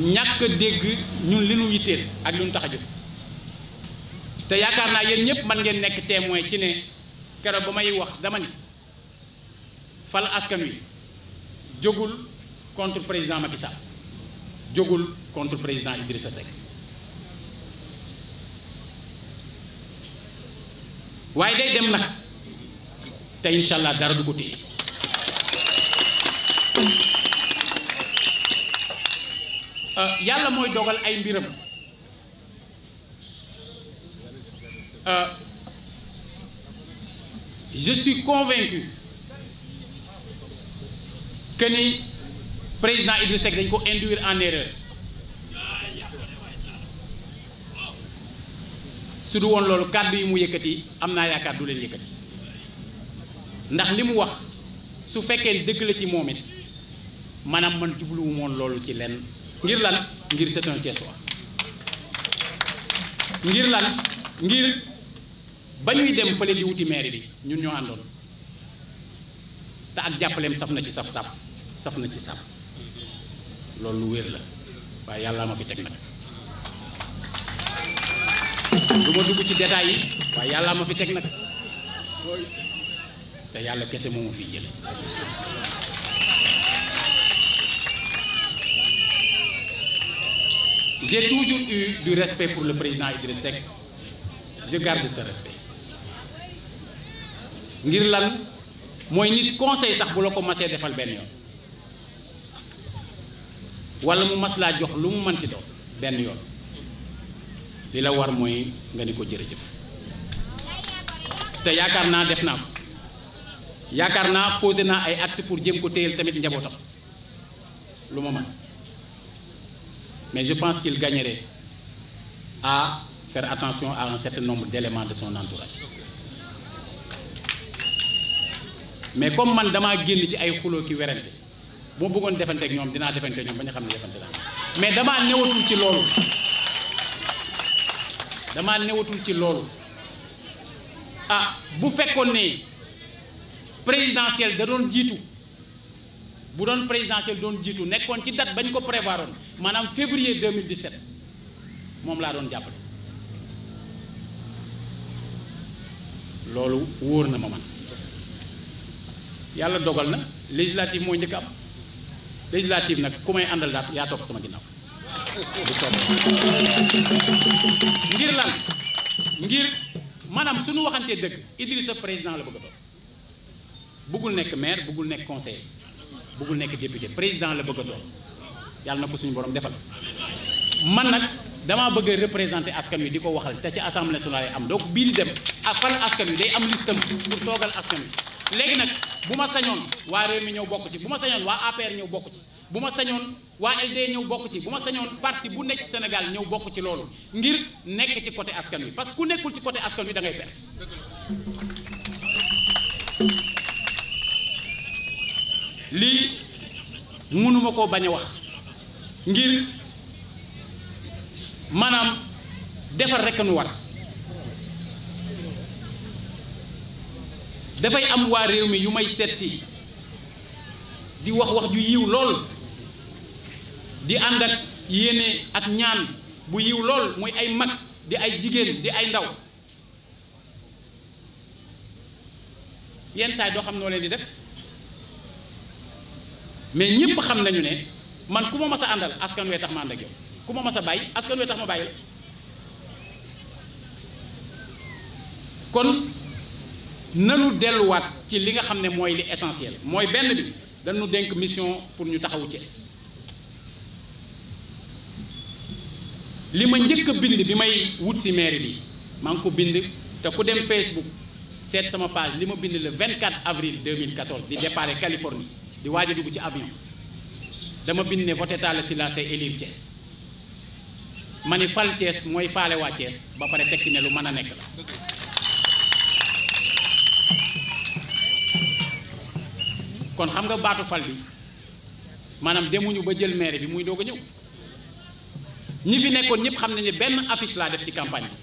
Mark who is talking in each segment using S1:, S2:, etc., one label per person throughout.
S1: ñàkk dégg ñun li nu yitteel ak li nu tax a jóg te yaakaar naa yéen ñëpp man ngeen nekk témoin ci ne keroog ba may wax dama ni fal askan wi jógul contre président Macky Sall jógul contre président Idrissa Seck waaye day dem nag te incha allah dara du ko téye. Euh, yàlla mooy dogal ay mbiram euh, je suis convaincu que président Idrissa Seck dañ ko induire en erreur su du woon loolu kàddu yi mu yëkkati am naa yaakaar du leen yëkkati ndax li mu wax su fekkee dëgg la ci moom it maanaam man jubluwu moon loolu ci lenn ngir lan ngir c'est un Thiessois ngir lan ngir ba ñuy dem fële di wuti maire bi ñun ñoo àndoon te ak jàppaleem saf na ci saf sàpp saf na ci sàpp loolu lu wér la waaye yàlla ma fi teg nag du ma dugg ci détails yi waaye yàlla ma fi teg nag te yàlla kese moom ma fiy jële j'ai toujours eu du respect pour le président Idriss Seck je garde ce respect ngir lan mooy nit conseil sax bu la ko masee defal benn yoon wala mu mas laa jox lu mu manti doon benn yoon li la war mooy nga ni ko jëf te yaakaar naa def naa ko yaakaar naa posé naa ay acte pour jëm ko téyel tamit njabootam lu ma mën mais je pense qu'il gagnerait à faire attention à un certain nombre d'éléments de son entourage mais comme man damaa génn ci ay xuloo ki werante bu ma bëggoon defante ak ñoom dinaa defante ñoom ba ñu xam ne defante naa mais damaa newatul ci loolu damaa newatul ci loolu ah bu fekkoon ne présidentielle da doon jiitu bu doon présidentielle doon jiitu nekkoon ci date bañ ko prévoir oon maanaam février 2017 moom laa doon jàppale loolu wóor na ma man yàlla dogal na législative mooy njëkk am législative nag ku may àndal daal yaa topp sama ginnaaw bu soobee ngir lan ngir maanaam suñu waxantee dëgg sa président la bëgg a doon bëggul nekk maire buggul nekk conseiller bëggul nekk député président la bëgg a doon yàlla na ko suñu boroom defal man nag damaa bëgg a représenter askan wi di ko waxal te ci assemblée nationale yi am donc bii di dem ak fal askan wi day am listam pour toogal askan wi léegi nag bu ma sañoon waa réew mi ñëw bokk ci bu ma sañoon waa APR ñëw bokk ci bu ma sañoon waa LD ñëw bokk ci bu ma sañoon parti bu nekk ci Sénégal ñëw bokk ci loolu ngir nekk ci côté askan wi parce que ku nekkul ci coté askan wi da ngay lii mënuma koo bañ a wax ngir maanaam defar rekk nu war dafay am waa réew mi yu may seet si di wax wax ju yiw lool di ànd ak yéene ak ñaan bu yiw lool muy ay mag di ay jigéen di ay ndaw yenn saay doo xam noo leen di def mais ñëpp xam nañu ne man ku ma mas a àndal askan wee tax ma ànd ak yow ku ma mas a bàyyi askan wee tax ma bàyyi la kon nanu delluwaat ci li nga xam ne mooy li essentiel mooy benn bi dañu dénk mission pour ñu taxawu Thiès li ma njëkk a bind bi may wut si mairie bi maa ngi ko bind te ku dem Facebook seet sama page li ma bind le 24 avril 2014 di départ Californie di waaj a dugg ci avion dama bind ne voté Talla Sylla c'est élire Thiès fal Thiès mooy faale waa Thiès ba pare tekki ne lu mën a nekk la kon xam nga baatu fal bi maanaam demuñu ba jël maire bi muy doog a ñëw ñi fi nekkoon ñëpp xam nañ ne benn affiche laa def ci campagne bi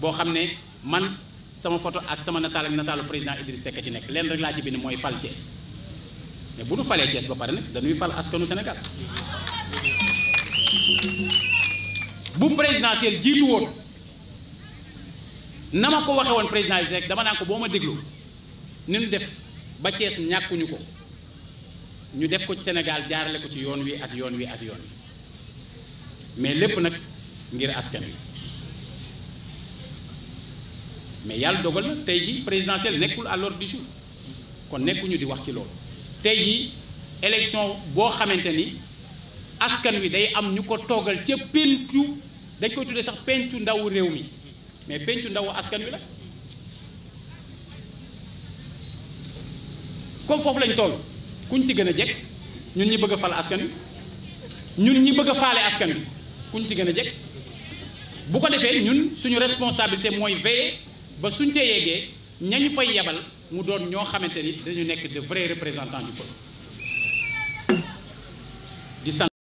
S1: boo xam ne man sama photo ak sama nataal ak nataalu président Idriss Seck ci nekk leen rek laa ci bind mooy fal Thiès mais bu nu falee Thiès ba pare nag dañuy fal askanu senegal bu présidentiel jiitu woon na ma ko waxee woon présidentiel rek dama naan ko boo ma déglu ni nu def ba Thiès ñàkkuñu ko ñu def ko ci Sénégal jaarale ko ci yoon wi ak yoon wi ak yoon wi mais lépp nag ngir askan wi mais yàlla dogal na tey ji présidentiel nekkul à l'ordre du jour kon nekkuñu di wax ci loolu tey jii élection boo xamante ni askan wi day am ñu ko toogal ca pencu dañ koy tuddee sax pencu ndawu réew mi mais pencu ndaw askan wi la comme foofu lañ toll kuñ ci gën a jekk ñun ñi bëgg a fal askan wi ñun ñi bëgg a faale askan wi kuñ ci gën a jëkk bu ko defee ñun suñu responsabilité mooy veiller ba suñ ca yeggee ñañ fay yebal mu doon ñoo xamante ni dañu nekk de vrais représentants du peuple